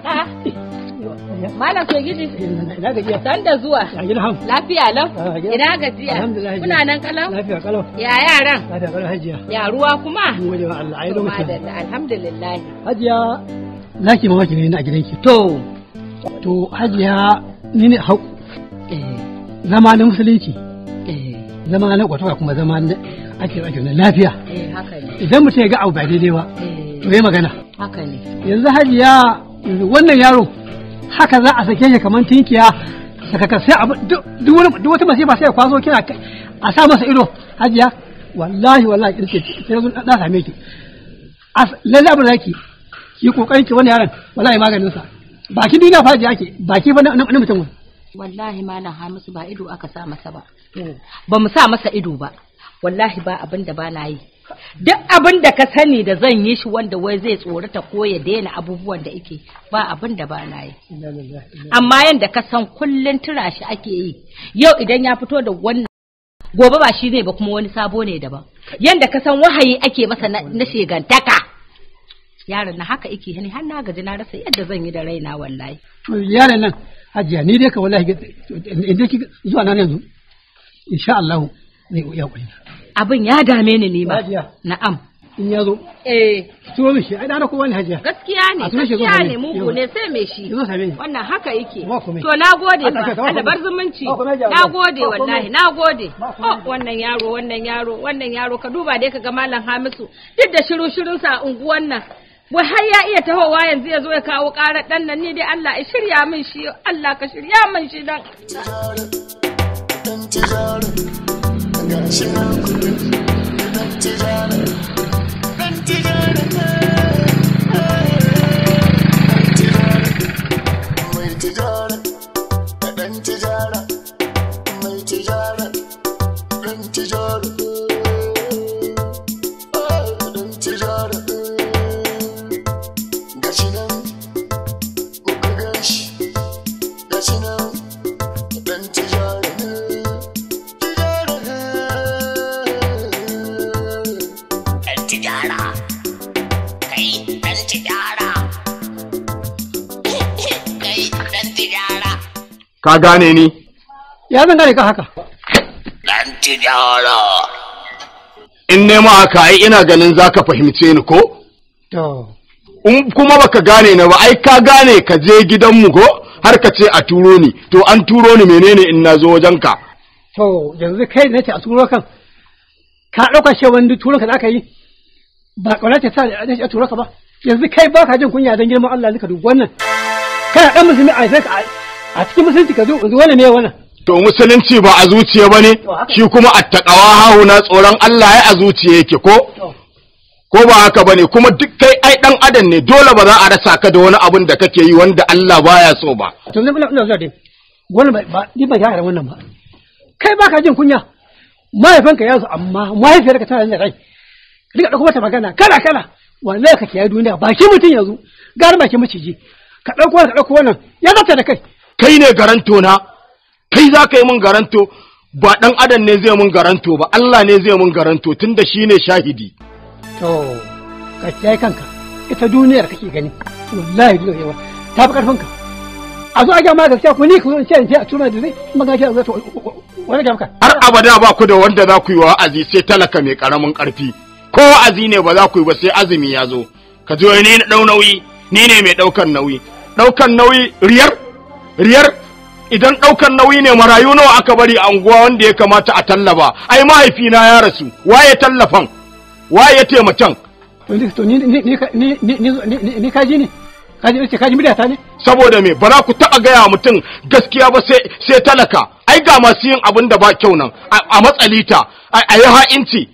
hajiya Malam Sogiji, san da zuwa. Lafiya lau. Ina gajiya. Kuna nan kalau? Lafiya kalau. Ya yaran? Lafiya kalau hajiya. Ya ruwa kuma? Mun gode wa Allah. Ai lokacin. Alhamdulillah. Hajiya, mamaki ne a gidanki. To. To hajiya ni ne hau. Eh, zama na musulunci. Eh, zama na kwatoka kuma zama na ake ake na lafiya. Eh, Idan mutum ya ga abu ba daidai ba. To yi magana. Haka ne. Yanzu hajiya wannan yaro haka za a sake shi kamar tinkiya sakaka sai wani duk wata masifa sai ya kwaso kina a sa masa ido hajiya wallahi wallahi kirke sai zo da same ki as lalla ba ki ki kokarin ki wani yaron wallahi maganin sa baki duniya faji ake baki fa na mutum wallahi malam Hamisu ba ido aka sa masa ba hmm. ba mu sa masa ido ba wallahi ba abin da ba na yi duk abin da ka sani da zan yi shi wanda wai zai tsorata ko ya daina abubuwan da ake ba abin da ba na yi amma yadda ka san kullum tura shi ake yi yau idan ya fito da wannan gobe ba shi ne ba kuma wani sabo ne daban yadda ka san wahayi ake masa na shigantaka yaron na haka ike ne har na gaji na rasa yadda zan yi da raina wallahi yaron nan hajiya ni dai ka wallahi zuwa nan yanzu insha Allah abin ya dame ni ne ma na'am in ya zo eh tuwo mi shi ai da kowa wani hajiya gaskiya ne gaskiya ne mugu ne sai me shi wannan haka yake to nagode ba, alabar zumunci nagode wallahi nagode oh wannan yaro wannan yaro wannan yaro ka duba dai ka ga malam Hamisu duk da shiru shirun sa unguwan nan wai har ya iya tahowa yanzu ya zo ya kawo karar dan nan ni dai Allah ya shirya min shi Allah ka shirya min shi dan She ka gane ni ya zan gane ka haka dan tijara in nema haka ai ina ganin zaka fahimce ni ko to in kuma baka gane na ba ai ka gane ka je gidanmu ko har ka ce a turo ni to an turo ni menene in na zo ka? to yanzu kai na ce a turo kan ka ɗauka shi wani turo ka da yi ba ƙwarar ta sa da a turo ka ba yanzu kai ba ka jin kunya don girman Allah duka duk wannan kana ɗan musulmi a sai a cikin musulunci ka zo wani ne wani to musulunci ba a zuciya ba ne shi kuma taƙawa hahu na tsoron Allah ya a zuciya yake ko ko ba haka ba ne kuma duk kai ai dan adam ne dole ba za a rasa ka da wani abin da kake yi wanda Allah baya so ba to ne ina ina zuwa dai wannan ba ni ba yara wannan ba kai baka jin kunya mahaifinka ya zo amma ka tana da rai rika dauko mata magana kala kala wallahi ka kiyaye duniya baki mutun yanzu gar ki maciji ka dauko ka dauko wannan ya zata da kai kai ne garanto na kai za ka yi mun garanto ba ɗan adam ne zai mun garanto ba Allah ne zai mun garanto tunda shi ne shahidi to ka kiyaye kanka ita duniyar kake gani wallahi biyo yawa ta fi karfinka a zo a ga ma gaskiya ku ni ku ce in ce a tuna da zai magana ce a zo wani gamka har abada ba ku da wanda za ku yi wa azi sai talaka mai karamin karfi ko azi ne ba za ku yi ba sai azumi ya zo ka zo ni na dau nauyi ni ne mai ɗaukan nauyi Ɗaukan nauyi riyar riyar idan ɗaukar nauyi ne marayu nawa aka bari a unguwa wanda ya kamata a tallaba ai mahaifina ya rasu waye tallafan waye taimakan ni kaji ne kaji ce kaji ta ne saboda me ba za ku taɓa gaya mutum gaskiya ba sai talaka ai ga masu yin abin da ba kyau nan a matsalita a yi ha'inci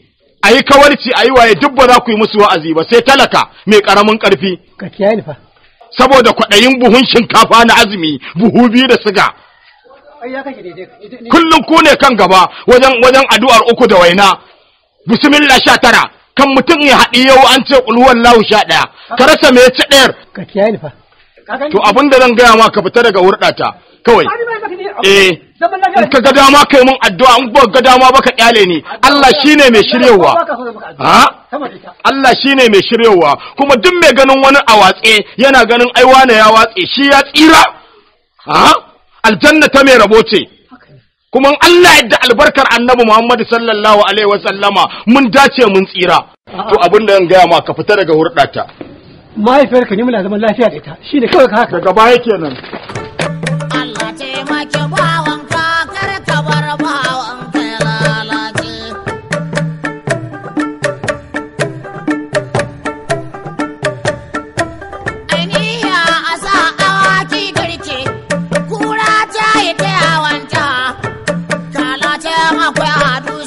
a yi kawarci a yi waye duk ba za ku yi musu wa'azi ba sai talaka mai ƙaramin ƙarfi ka kiyaye fa saboda kwaɗayin buhun shinkafa na azumi buhu biyu da siga kullum ku ne kan gaba wajen wajen addu'ar uku da waina bismillah sha tara kan mutum ya haɗi yau an ce ƙulwar lahu sha ɗaya ka rasa me ci ɗayar to abin da zan gaya ma ka fita daga wurɗata kawai eh in ka ga dama kai mun addu'a in ba ga dama baka kyale ni Allah shine mai shiryewa ha Allah shine mai shiryewa kuma duk mai ganin wani a watse yana ganin ai wane ya watse shi ya tsira ha aljanna ta mai rabo ce kuma Allah yadda albarkar annabi Muhammad sallallahu alaihi wasallama mun dace mun tsira to abin da zan gaya ma ka fita daga hurdata mahaifiyarka ne muna zaman lafiya da ita shine kawai ka haka daga baya kenan kwa